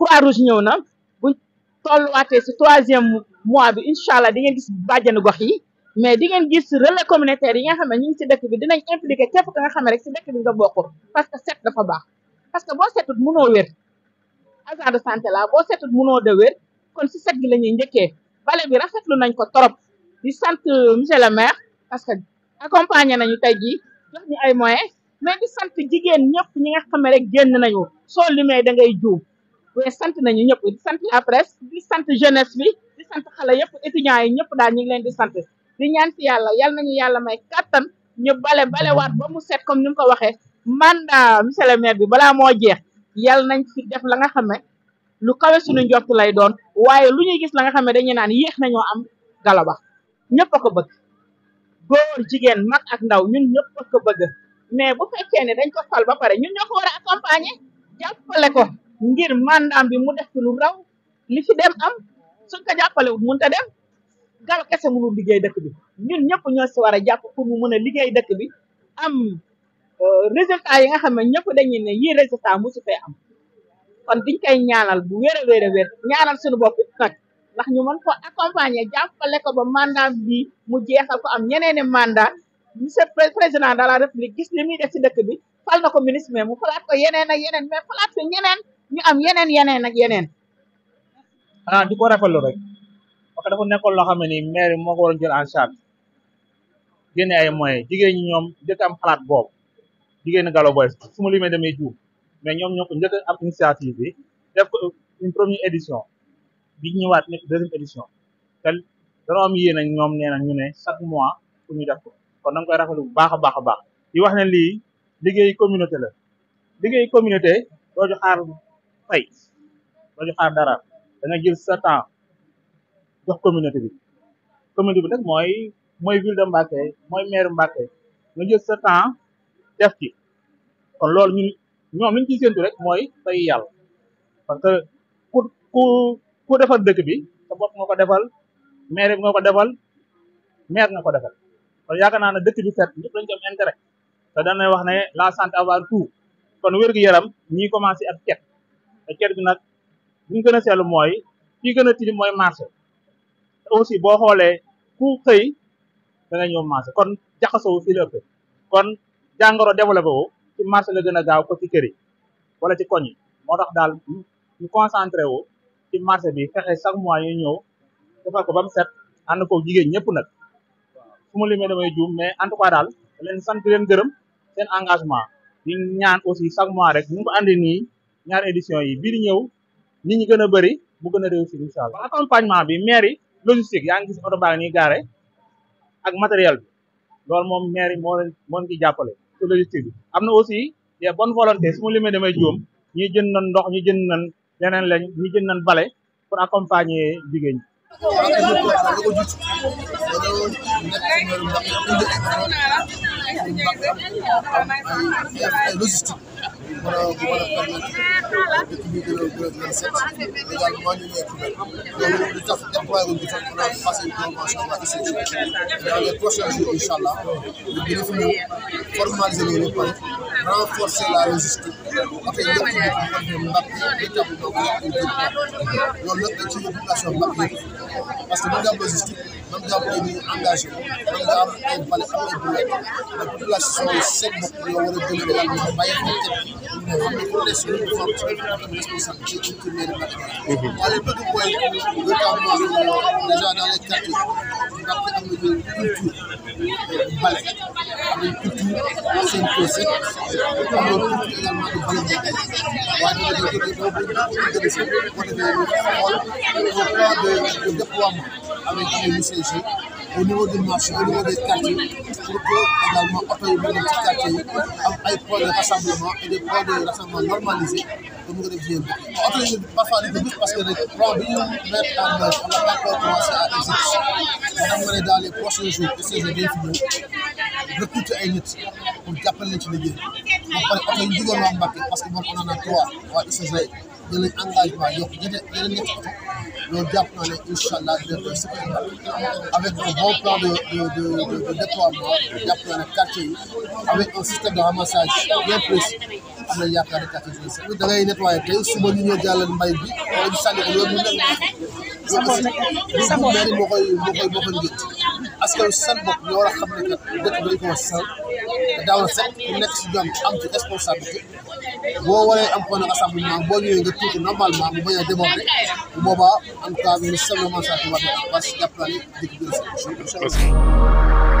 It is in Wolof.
croix rouge ñëw na buñ tolluwaatee si troisième mois bi incha allah di ngeen gis bàjjenu gox yi mais di ngeen gis relais communautaire yi nga xam ne ñu ngi si dëkk bi dinañ impliqué képp ka nga xam ne rek si dëkk bi nga bokkul parce que set dafa baax parce que boo setut mënoo wér agent de santé la boo setut mënoo de wér kon si set gi la ñuy njëkkee bale bi rafetlu nañ ko trop di sant monsieur le maire parce que accompagné nañu tey jii jox ñu ay moyen mais sant jigéen ñëpp ñi nga xam ne rek génn nañu soo limee da ngay juum mais sant nañu ñëpp di sant la di sant jeunesse bi di sant xale yëpp étudiants yi ñëpp daal ñu ngi leen di sant di ñaan ci yàlla yal nañu yàlla may kattan ñu bale bale waat ba mu set comme ni mu ko waxee mandat monsieur le bi balaa moo jeex yal nañ fi def la nga xam ne lu kawe suñu njort lay doon waaye lu ñuy gis la nga xam ne dañuy naan yéex nañoo am Galaba ñëpp a ko bëgg góor jigéen mag ak ndaw ñun ñëpp a ko bëgg mais bu fekkee ne dañ ko fal ba pare ñun ñoo ko ko ngir mandaam bi mu def ci lu raw li fi dem am suñ ko jàppalewut mënut a dem Galo kese mënul liggéey dëkk bi ñun ñëpp ñoo si war a jàpp pour mu mën a liggéey dëkk bi am euh, résultat yi nga xam ne ñëpp dañuy ne yii résultat mosu fee am kon diñ koy ñaanal bu wér a wér ñaanal suñu bopp it nag ndax ñu mën ko accompagner jàppale ko ba mandat bi mu jeexal ko am ñeneeni mandat monsieur président de la république gis li ni def si dëkk bi fal na ko ministre mais mu falaat ko yeneen ak yeneen mais falaat fi ñeneen ñu am yeneen yeneen ak yeneen ah di ko rafetlu rek parce que dafa nekkoon loo xam ne nii maire moo ko waroon jël en charge génne ay moyens jigéen ñi ñoom njëkk am xalaat boobu jigéen Gallo Boy suma ma limee damay juum mais ñoom ñoo ko njëkk am initiative bi def ko une première édition bi ñëwaat nekk deuxième édition te am yéen ak ñoom nee na ñu ne chaque mois pour ñu def ko kon da nga koy rafetlu bu baax a baax a baax di wax ne lii liggéey communauté la liggéey communauté doo ci xaar fay ba xaar dara da nga sa temps jox communauté bi communauté bi nag mooy mooy ville de Mbacké mooy maire Mbacké nga jël sa temps def ci kon loolu ñun ñoom liñ ciy séntu rek mooy fay yàlla parce que ku ku defal dëkk bi sa bopp nga ko defal maire bi nga ko defal maire nga ko defal kon yaakaar naa ne dëkk bi set ñëpp lañ ci am te dañ wax ne la santé avant tout kon wér-gu-yaram ñi commencé ak cet ker bi nag bu ñu gën a seetlu mooy fii gën a tilim mooy marché aussi boo xoolee ku xëy da nga ñëw marché kon jaxasoo wu fii kon jàngoro développé wu ci marché la gën a gaaw ko ci kër yi wala ci koñ moo tax daal ñu concentré wu ci marché bi fexe chaque mois ñu ñëw defal ko ba mu set ànd ko jigéen ñëpp nag su ma limee damay juum mais en tout daal leen sant leen gërëm seen engagement di ñaan aussi chaque mois rek ñu ko andi nii ñaar édition yi biir di ñëw nit ñi gën a bëri bu gën a réussir incha allah accompagnement bi mairie logistique yaa ngi gis oto baa ngi nii gaare ak matériel bi loolu moom mairie moo moo ci jàppale ci logistique bi am na aussi des bonnes volontés su ma limee damay juum ñi jënd nañ ndox ñi jën nañ leneen lañ ñi jënd nañ bale pour accompagner jigéen ñi mën a bu mën a permettre dëkk bi gën a gën a set mais également ñu nekk loolu lu tax déployé wuñ dafa mën a passé une convention ak ICG dans les prochains jours incha allah ñu gën a fi ñëw formaliser les pare renforcer la logistique oto yi njëkk yi mbab yi day taw taw loolu nag dañ ciy yóbbu population mbab yi parce que mën nga am logistique mën nga am ay nit engagé mën nga am ay bale am ay brouette mais population yi seen bopp ñoo war a gën a daal ñu bàyyi xel te xam ne pour les suñu forme am responsabilité ci mairie Mbacké. waaye bëgg mooy gouvernement déjà dans les quartiers ndaxte am nañu culture bale am nañu culture seen procès am nañu culture également de bale njëkkal waaye dafa doon dafa doon intéressé boo defee xool au plan de de déploiement avec les messagers au niveau du marché au niveau des quartiers pour que également oto yi a ci quartier yi te mu ngi def jéem oto yi parfois dañ ko gis parce que rek plan bi ñu mettre en œuvre on n'a pas encore commencé à exécuter moo tax ay nit pour jàppale leen ci liggéey ba pare oto yi ñu dugal waa Mbacké parce que moom on en a trois danañ engagement yokk yeneen yeneen ñetti oto loolu jàpp naa ne incha allah dina doon avec un bon plan de de de de déploiement jàpp naa ne quartier yi avec un système de ramassage bien précis am nañ yaakaar ne quartier bi dina da ngay nettoyer tey suba ñu ñëw jàllale mbay bi wala ñu sànni ko loolu ñu ne. sa bopp moo koy moo koy moo koy njëkk askan wi seen bopp ñoo war a xam ne dëkk bi dañ ko war a sal daaw la set ku nekk si jom am ci responsabilité. boo waree am point de rassemblement boo ñëwee nga tuuti normalement mu bañ a déborder bu boobaa en tout cas ñu seulement ça va parce que jàpp naa ne dëkk bi